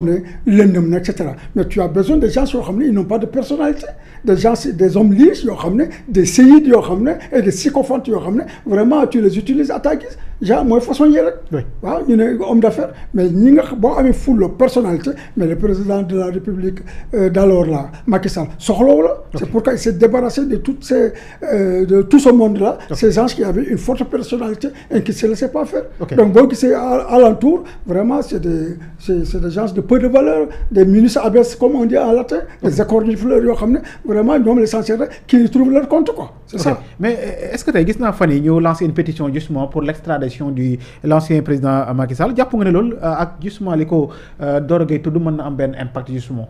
ne lëndëm na et cetera mais tu as besoin des gens yoo xam ne ils n'ont pas de personnalité des gens des hommes lisses yoo xam ne des séides yoo xam ne et des sycophantes yoo xam ne vraiment tu les utilises à ta guise genre mooy façonnier rek. waaw ñu ne homme d'affaires mais ñi nga boo amee fulla personnalité mais le président de la république euh, d'alors là Macky Sall soxlawu la. c'est pourquoi il s'est débarrassé de toutes ces euh, ce monde là. ces gens qui avaient une forte personnalité et qui se laissaient pas faire. donc boo gisee alentour vraiment c'est des gens de peu de valeur des ministres abès comme on dit en latin. des écornifleurs yoo xam ne vraiment ñoom disparition du président Macky Sall jàpp nga ne loolu euh, ak justement li ko euh, Doro Gueye tudd man na am benn impact justement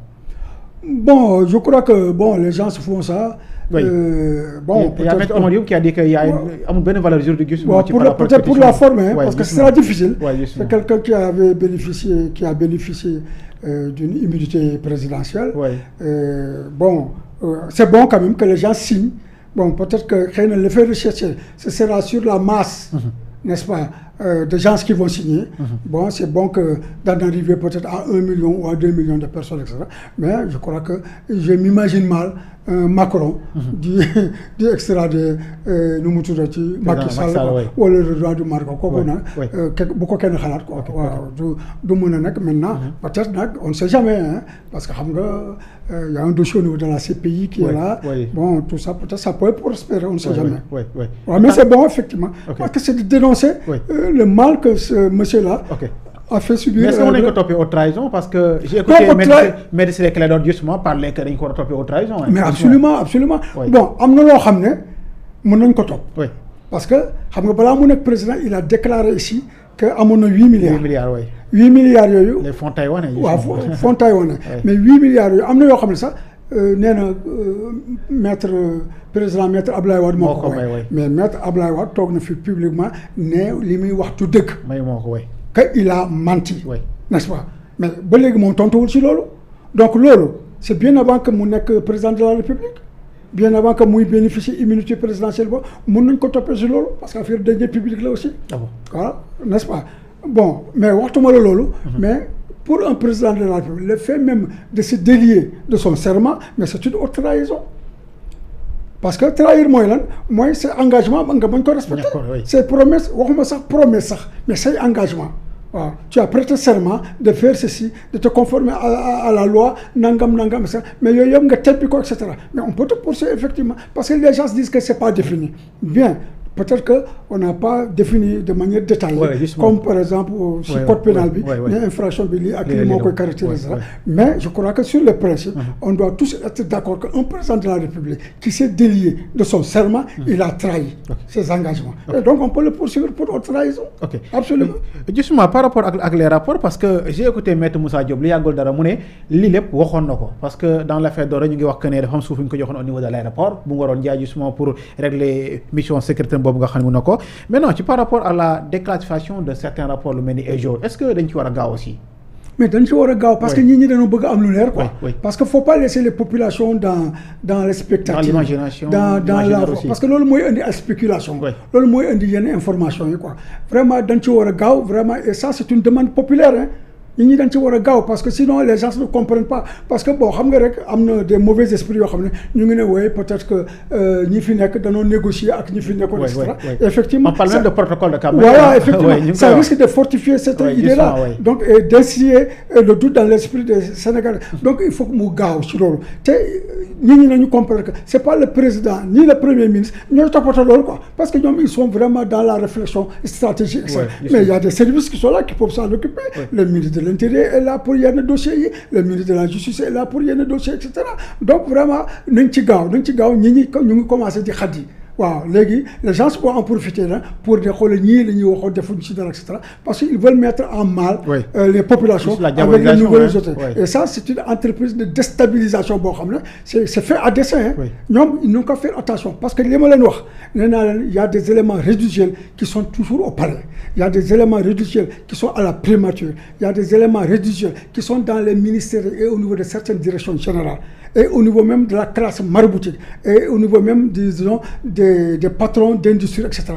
bon je crois que bon les gens se font ça. oui euh, bon peut-être y a Maître Omar Youm qui a dit que y a amul benn valeur juridique justement. ci par rapport peut-être que ce sera difficile. quelqu'un qui avait bénéficié euh, d'une immunité présidentielle. c'est bon quand même que les gens signent peut-être que xëy na le fait rechercher ce sera sur la masse. Mm-hmm. n'est-ce pas, euh, de gens qui vont signer. Mm -hmm. Bon, c'est bon que d'en arriver peut-être à 1 million ou à 2 millions de personnes, etc. Mais je crois que je m'imagine mal Euh, Macron. Mhm. di di extrader euh, nu mu ci. Macky Sall wala du Maroc kooku nag. Euh, kenn xalaat quoi. du du mën a nag mhm. peut-être nag on ne jamais parce que xam nga y un dossier niveau de la CPI. qui est là tout ça peut-être ça peut prospérer on ne jamais. waaw mais ah. c'est bon effectivement. parce que c'est de dénoncer. le mal que ce monsieur là. est-ce que mën nañu ko euh, toppee haute parce que. j'ai écouté Maître Ciré justement parler que dañu ko war a toppee haute mais absolument absolument bon am na loo xam ne mën nañ ko topp. parce que xam nga balaa mu nekk président il a déclaré ici que amoon na huit milliards. huit milliards oui. yooyu. les fonds taïwanais. waaw fonds taïwanais mais huit milliards yooyu am na yoo xam ne sax euh, nee na euh, maître président maître Abdoulaye Wade. moo ko may mais maître Abdoulaye Wade toog na fi publiquement ne li muy wax tu dëgg. may moo ko way qu'il a menti. oui nest pas mais ba léegi moom tontuwul ci loolu. donc loolu c'est bien avant que mu nekk président de la République bien avant que muy bénéficier immunité présidentielle boobu mun nañ ko toppee ci loolu parce que affaire deniers publics la aussi. d'accord ah n'est-ce pas bon mais waxtuma la loolu. Mhm. mais pour un président de la République le fait même de se délier de son serment mais c'est une haute trahison. parce que mooy lan mooy engagement nga bañ ko respecter. say promesse waxuma sax promesse sax mais say waaw tu as prêté serment de faire ceci de te conformer à, à, à la loi nangam nangam et mais yooyu yëpp nga teppi ko et cetera mais on peut te poursuivre effectivement parce que les gens disent que c'est pas défini bien peut-être que on n'a pas défini de manière détaillée ouais, comme par exemple euh, si code pénal bi ne infraction bi lii ak lii moo koy mais je crois que sur le principe mm-hmm. on doit tous être d'accord qu'un président de la République qui s'est délié de son serment mm-hmm. il a trahi ses engagements et donc on peut le poursuivre pour haute trahison ok absolument euh, justement par rapport ak les rapports parce que j'ai écouté maître Moussa Diop li yàggul dara mu boobu nga xam ne mun na ko maintenant ci par rapport à la déclassification de certains rapports lu mel ni EJO est-ce que dañ ci war a gaaw aussi. mais dañ ci war a gaaw parce que nit ñi dañoo bëgg am lu leer quoi. parce que faut pas laisser les populations dans les spectatives. dans la parce que loolu mooy indi ay spéculation. loolu mooy indi yenn information yi quoi. vraiment dañ ci war a gaaw vraiment et ça c'est une demande populaire nit ñi dañ ci war a gaaw parce que sinon les gens ne comprennent pas parce que bon xam nga rek am na des mauvais esprits yoo xam ne ñu ngi ne wooye peut-être que euh, ñi fi nekk danoo négocier ak ñi fi nekkoon et effectivement on de fortifier cette idée-là donc et d'essayer euh, le doute dans l'esprit des Sénégalais donc il faut mu gaaw ci loolu te euh, nit ñi nañu comprendre c'est pas le président ni le premier ministre ñooy toppatoo loolu quoi parce que ñoom la il y l'intérieur est là pour yenn dossiers yi le ministre de la justice est là pour yenn dossiers et cetera donc vraiment nañ ci gaaw nañ ci gaaw ñi ñi ñu ngi commencé di xat yi waaw léegi les gens vont en profiter là pour ne xoolal ñii la ñuy waxoon defuñu ci dara et cetera parce que ils veulent mettre en mal. Oui. Euh, les populations avec les nouvelles autorités. Ouais. et ça une entreprise de déstabilisation boo xam ne c' est c' fait à dessein. ñoom oui. ils n'ont qu'à attention parce que li ma leen wax nee naa leen y' a des éléments résiduels qui sont toujours au palais y' a des éléments résiduels qui sont à la primature y' a des éléments résiduels qui sont dans niveau de certaines directions générales niveau même de des des patrons d'industrie et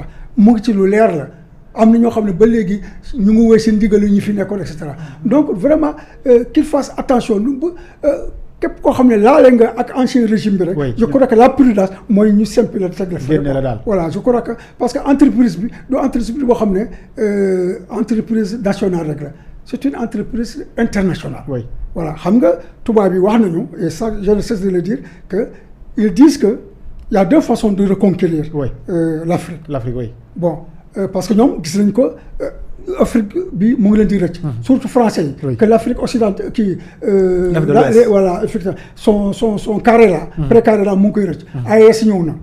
mu ngi ci lu leer la am na ñoo xam ne ba léegi ñu ngi woy seen ndigalu ñu fi nekkoon et donc vraiment euh, qu'il fasse attention lu euh, képp koo xam ne laale nga ak ancien régime bi rek. je crois que la prudence mooy ñu simple la teg la. génne la daal voilà je crois que parce que entreprise bi du entreprise bi boo euh, nationale rek la c'est une entreprise internationale. Oui. xam nga tubaab yi wax nañu et ça je ne cesse de le dire que. y a deux façons de reconquérir. oui euh, bon euh, parce que ñoom gis nañ ko euh, Afrique bi mu ngi leen di rëcc. Mm-hmm. surtout français yi. Oui. que l' Afrique occidentale euh, kii. Euh, voilà effectivement son son son carré mm-hmm. mu ngi koy rëcc. Mm-hmm. E si ñëw na.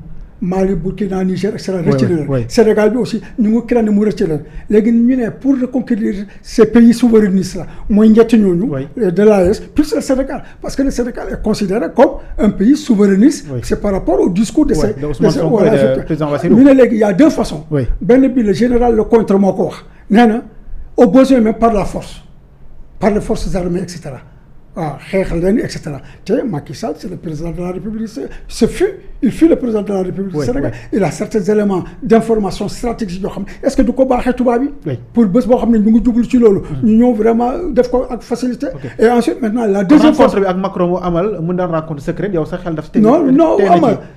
Mali Burkina Niger et cetera rëcc na la Sénégal bi aussi ñu ngi crane mu rëcc la léegi pour reconquérir ces pays souverainistes là mooy ñett ñooñu euh, de l'AES plus le Sénégal parce que le Sénégal est considéré comme un pays souverainiste c'est par rapport au discours de ces ñu ne léegi y a deux façons benn bi le général le contre moo ko wax nee na au besoin même par la force par les forces armées et waaw ah, xeexal leen et cetera te Macky Sall c' est le président de la République ce fut il fut le président de la République du il a certains éléments d' stratégique yoo xam ne est ce que du ko baaxee tubaab pour bés boo xam ne ñu ngi jublu ci loolu mm. ñu ñëw vraiment def ko ak facilité et ensuite maintenant la deuxième rencontre bi ak Macron moo amal mu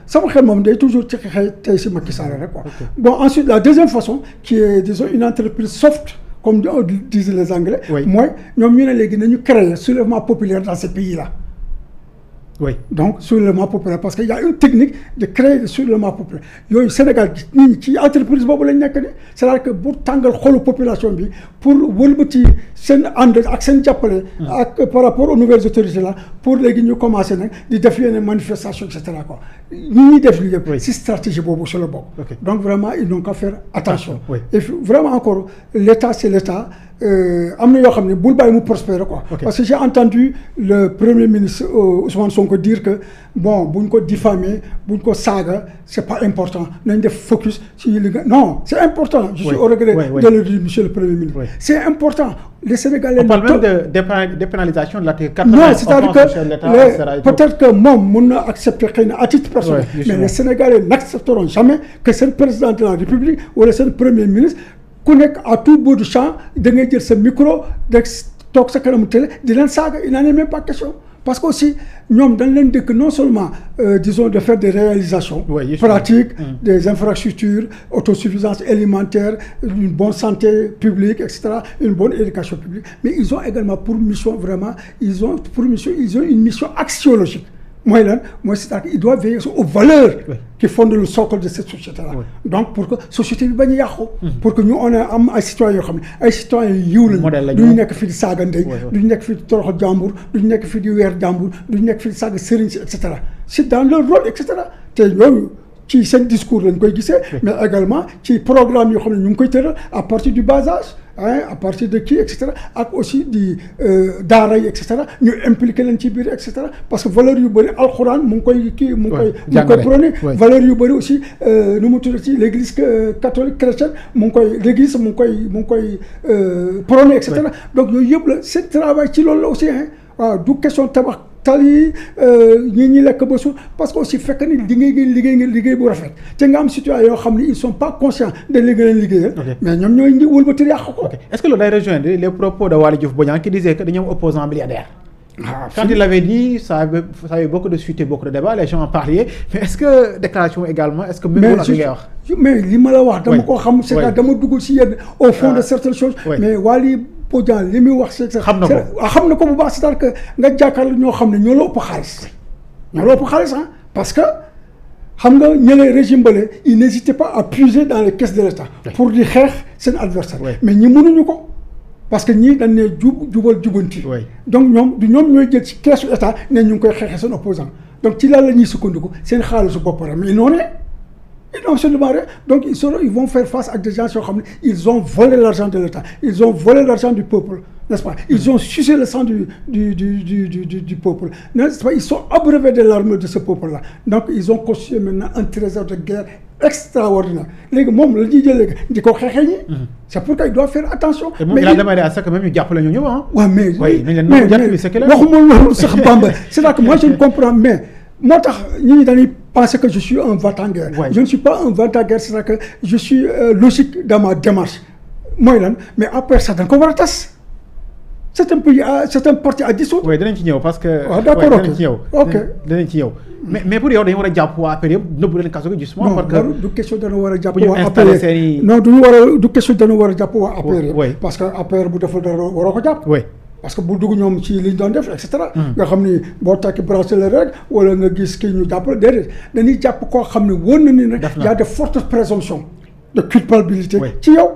sama xel moom day toujours ci xel tey si Macky Sall rek quoi bon façon qui est disons une soft comme oh, disent les Anglais. mooy ñoom ñu ne léegi nañu créer soulèvement populaire dans ce pays là. oui donc soulèvement populaire parce que y' a une technique de créer le soulèvement yooyu Sénégal nit ñi ci entreprise boobu la nekk ni cest que pour tàngal xolu population bi pour wëlbati seen ande ak seen jàppale. Hmm. ak par rapport aux nouvelles autorités là pour léegi ñu commencé nag di def yenn manifestation et cetera quoi ñi ñuy def li yëpp. si stratégie boobu sur le bokk. donc vraiment ils n'ont qu'à faire attention. et vraiment encore l' état Euh, am na yoo xam ne bul bàyyi mu prospérer quoi. parce que j'ai entendu le premier ministre euh, Ousmane Sonko dire que bon buñ ko diffamer buñ ko saaga c'est pas important nañ def focus ci li nga non c'est important. je suis au regret de le dire monsieur le premier ministre. c'est important non cest à que peut-être que moom mun na accepter xëy à titre personnel. mais les Sénégalais n'accepteront jamais que seen président de la République wala seen premier ministre. ku nekk à tout bout de champ da ngay jël sa micro da toog sa kanamu télé di leen saaga il n'en est même pas question parce que aussi ñoom dañ leen dëkk non seulement euh, di son de faire des réalisations oui, pratiques mm. des infrastructures autosuffisance alimentaire une bonne santé publique et cetera une bonne éducation publique mais ils ont également pour mission vraiment ils pour mission ils ont une mission axiologique mooy lan mooy c'est-à-dire il doit qui fondent le socle de cette société donc pour que société bi bañ a yàqu mhm. pour que ñu on a am ay citoyens yoo xam ne ay citoyens yiw lañu duñu nekk fi di saagante duñu nekk fi di toroxal jàmbur duñu nekk fi di weer jàmbur duñu nekk fi di saaga sëriñ si et cetera c'est dans leur rôle et te yooyu ci seen discours lañ koy gisee. mais également ci programme yoo xam ne ñu ngi koy tëral à partir du bas âge à partir de kii et ak aussi di euh, daara yi et cetera ñu impliqué leen ci biir et cetera parce que valeur yu bëri alxuraan mu mu ngi koy mu ngi koy valeur yu bëri aussi nu mu tudd ci l' église catholique chrétienne mu ngi koy l' mu ngi koy mu ngi koy prôné et cetera donc yooyu yëpp la seen ci loolu la aussi waaw du question tabax tal yi euh, ñi lekk ba suuf parce que aussi fekk ni di ngay liggéey bu rafet te nga am situation yoo xam ne ils sont pas conscients de liggéey leen liggéeyal mais ñoom ñooy ndi wëlbati yàq ko est-ce que loolu day rejoindre les propos de Waly Diouf Bodiang qui disait que dañoo am opposant milliardaire ah, quand il l'avait dit ça avait, ça avait de suite beaucoup de débats les gens en parlaient mais est-ce que déclaration également est-ce que même la wax Bodian li muy wax c'est xam na ko xam na ko bu baax cest à nga jàkkaarloo ñoo xam ne ñoo la ëpp xaalis ñoo la ëpp xaalis a parce que xam nga ñële régime bële il n'hésitait pas à puiser dans les caisses de l'État pour di xeex seen adversaire mais ñi mënuñu ko parce que ñii dañ ne jub jubal jubanti donc ñoom du ñoom ñooy jël ci keesu État ne ñu ngi koy xeexee seen opposant donc ci lan la ñuy sukkandiku seen xaalisu bopp rek mais noonu Absolument rien. Donc ils, seront, ils vont faire face à des gens qui ils ont volé l'argent de l'État, ils ont volé l'argent du peuple, n'est-ce pas Ils ont sucé le sang du, peuple, n'est-ce pas Ils sont abreuvés de l'armée de ce peuple-là. Donc ils ont construit maintenant un trésor de guerre extraordinaire. léegi moom la ñuy jël léegi di ko xeexee ñi. Mhm. c'est pourquoi il doit faire attention. mais il a demandé à ce que même ñu je ne comprends mais. moo tax ñu ñu dañuy penser que je suis un va-t-en-guerre je ne suis pas un va cest à que je suis euh, logique dans ma mooy lan mais après sax dañ war a tas c'est un pays euh, à c'est un ci ñëw parce que. waaw ah, d'accord ci ñëw. ok danañ ci ñëw. mais hmm. mais yow dañu war a jàpp waa APR yëpp nëbbu leen kaso gi war a jàpp waa APR non du ñu war a du question war a jàpp waa APR. parce que APR bu deful dara waroo ko jàpp. parce que bu dugg ñoom ci liñ doon def et cetera. Hmm. nga xam ni boo takki bracelet rek wala nga gis kii ñu jàppale déedéet dañuy jàpp koo xam ne woon na ni nag. def y a de fortes présomptions de culpabilité. ci yow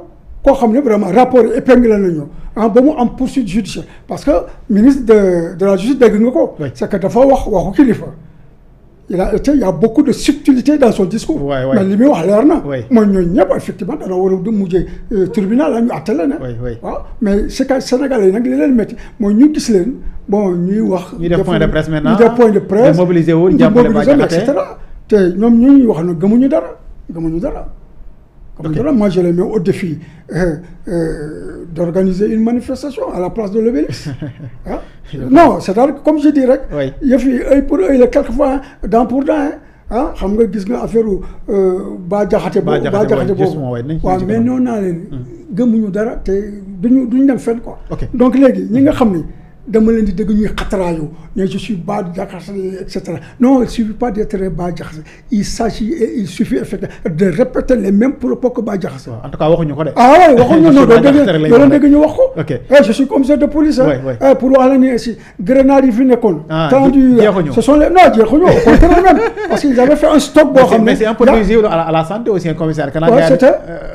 koo xam ne vraiment rapport yi épinglé nañu ah ba mu am poursuite judiciaire parce que ministre de de la justice dégg nga ko. c'est que dafa wax waxu kilifa. il a été il y a beaucoup de subtilité dans son discours. waay waay mais li muy wax leer na. waay mooy ñooñu ñëpp effectivement dana war a di mujjee euh, tribunal la ñu àtte leen. waay waaw mais ce que Sénégalais yi nag leen métti mooy ñu gis leen bon ñuy wax. ñu def point ñu wax na gëmuñu dara gëmuñu dara. Comme okay. de là, moi, je les euh, euh, d'organiser une manifestation à la place de l'obélisque. hein? Non, cest à comme je dirais, oui. il y a fait œil pour œil, quelquefois, pour dent. xam nga gis nga affaire euh, baa jaxate boobu baa jaxate boobu waaw mais noonu naa leen hmm. gëmuñu dara te duñu duñu dem fenn ko donc léegi ñi nga xam ni dama leen di dégg ñuy xataraayu mais je suis bas jaxase et cetera non il suffit pas d'être bas jaxase il s'agit il suffit effectivement de répéter les mêmes propos que bas jaxase. en tout waxuñu ko de. ah waxuñu non doo dégg ñu wax ko. ok eh, je suis commissaire de police. Eh, pour wax la ni si fi nekkoon. ah jeexuñu ce sont les non jeexuñu au contraire même parce qu'ils avaient fait un stock boo xam ne. mais à la santé aussi un commissaire. waaw c'était euh,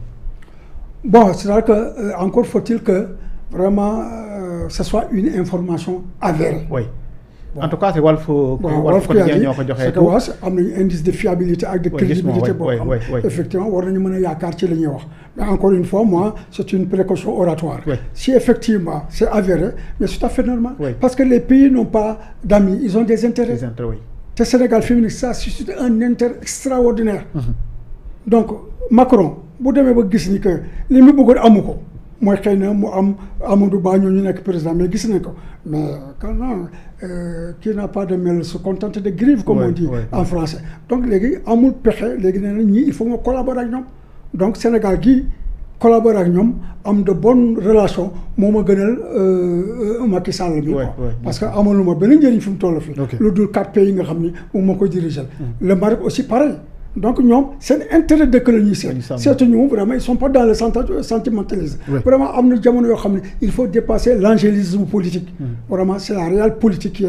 Bon, c'est-à-dire que euh, encore faut-il que vraiment euh, ce soit une information avérée. Oui. Bon. En tout cas, c'est Walf Walf Quotidien ñoo ko joxe. Walf am nañu indice de fiabilité ak de crédibilité boo effectivement war nañu mën a yaakaar ci li ñuy wax mais encore une fois moi c'est une précaution oratoire si effectivement c'est avéré mais c'est à fait normal parce que les pays n'ont pas d'amis ils ont des intérêts te Sénégal féministe ça suscite un intérêt extraordinaire mm-hmm. donc Macron bu demee ba gis ni que li mu bëggoon amu ko mooy xëy na mu am Amadou Ba ñu nekk président mais gis ne ko mais quand non euh, qui n'a pas de mel se contente de grive comme on dit en français donc léegi amul pexe léegi nee na ñii il faut nga collaborer ak ñoom donc Sénégal gii collaborer ñoom am de bonnes relations moo ma gënal euh, Macky Sall bi quoi parce que amaluma benn njëriñ fi toll fii lu dul quatre pays yi nga xam ni moom moo ko dirigé mm. le Maroc aussi pareil donc ñoom seen intérêt dëkk la ñuy seet seetu ñu vraiment ils sont pas dans le sentimentalisme vraiment am na jamono yoo xam ne il faut dépasser l'angélisme politique mm. vraiment c'est la réelle politique qui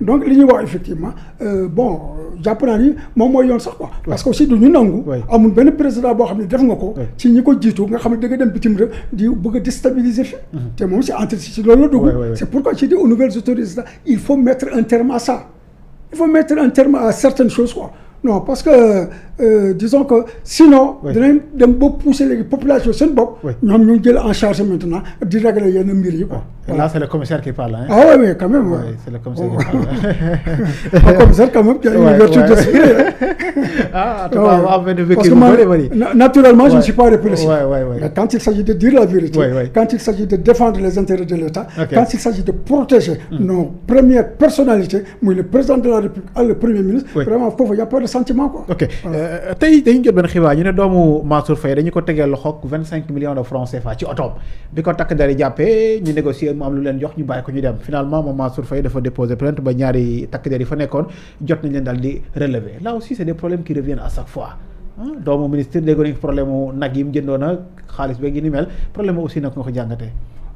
donc li ñuy wax effectivement euh, bon jàpp naa ni moom mooy yoon sax quoi parce que aussi du ñu nangu amul benn président boo xam ne def nga ko ci ñi ko jiitu nga xam ne da nga dem bitim réew di bëgg a déstabiliser fi mm-hmm. te moom si entre si loolu la dugg c'est à ça il faut mettre non parce que euh, disons que sinon. oui dinañ dem pousser léegi population seen bopp. ñoom ñu jël en charge maintenant di régler yenn mbir yi quoi. là c'est le commissaire qui parle hein. Ah quand même. oui c'est le commissaire qui parle. le commissaire quand même. waaw waaw vertu d'esprit ah, naturellement je ne suis pas républicain. mais quand il s'agit de dire la vérité. quand il s'agit de défendre les intérêts de l'État. quand il s'agit de protéger. Hmm. nos premières personnalités muy le président de la République ak a pas le sentiment quoi. ok euh, tey dañu jot benn xibaar ñu ne doomu Mansour Faye dañu ko tegee loxoog vingt cinq millions de francs CFA ci otoom bi ko takk dari jàppee ñu négocier mu am lu leen jox ñu bàyyi ko ñu dem finalement moom Mansour Faye dafa déposer plainte ba ñaari takk der yi fa nekkoon jot nañ leen daal di relever là aussi c' est des qui reviennent à chaque fois. doomu ministre dégg nañ problème nag yi mu jëndoon xaalis beeg yi ni mel problème aussi nag nga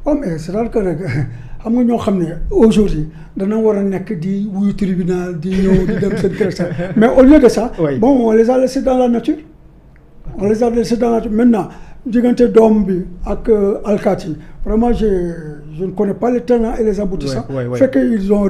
waaw oh, mais c'est-à-dire que xam nga ñoo xam ne aujourd'hui dana war a nekk di wuyu tribunal di ñëw di dem seen kër mais au lieu de ça. bon on les a laissés dans la nature. on les a laissés dans la nature maintenant diggante doom bi ak euh, alkaati yi vraiment je je ne connais pas les tenants et les aboutissants. fekk ils ont